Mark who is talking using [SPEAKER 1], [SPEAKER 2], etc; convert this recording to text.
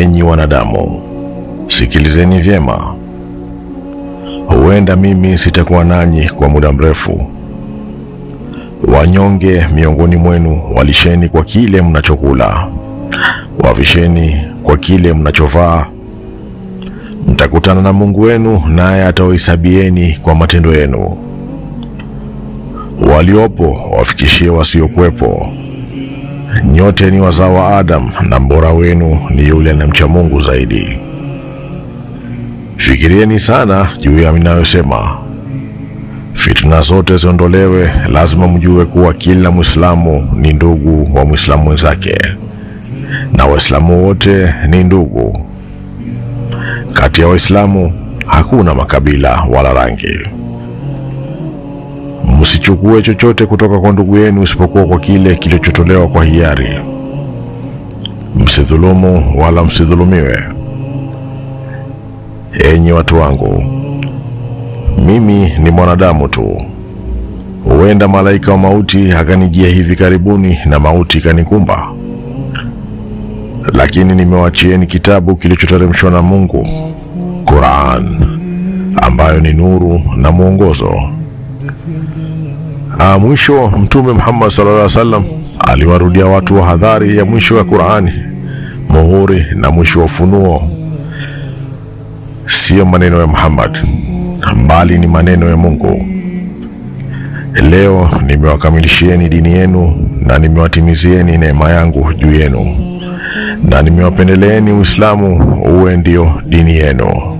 [SPEAKER 1] Enyi wanadamu, sikilizeni vyema. Huenda mimi sitakuwa nanyi kwa muda mrefu. Wanyonge miongoni mwenu walisheni kwa kile mnachokula, wavisheni kwa kile mnachovaa. Mtakutana na Mungu wenu, naye atawahesabieni kwa matendo yenu. Waliopo wafikishie wasiokuwepo nyote ni wazao wa adam na mbora wenu ni yule anamcha Mungu zaidi. Fikirieni sana juu ya ninayosema. Fitna zote ziondolewe, lazima mjue kuwa kila Mwislamu ni ndugu wa Mwislamu mwenzake na Waislamu wote ni ndugu. Kati ya Waislamu hakuna makabila wala rangi. Usichukue chochote kutoka kwa ndugu yenu isipokuwa kwa kile kilichotolewa kwa hiari. Msidhulumu wala msidhulumiwe. Enyi watu wangu, mimi ni mwanadamu tu. Huenda malaika wa mauti akanijia hivi karibuni na mauti ikanikumba, lakini nimewachieni kitabu kilichoteremshwa na Mungu, Qur'an, ambayo ni nuru na mwongozo Aa, ah, mwisho Mtume Muhammad sallallahu alaihi wasallam aliwarudia watu wa hadhari ya mwisho ya Qur'ani, muhuri na mwisho wa ufunuo. Siyo maneno ya Muhammad bali ni maneno ya Mungu. Leo nimewakamilishieni dini yenu na nimewatimizieni neema yangu juu yenu na nimewapendeleeni Uislamu uwe ndio dini yenu.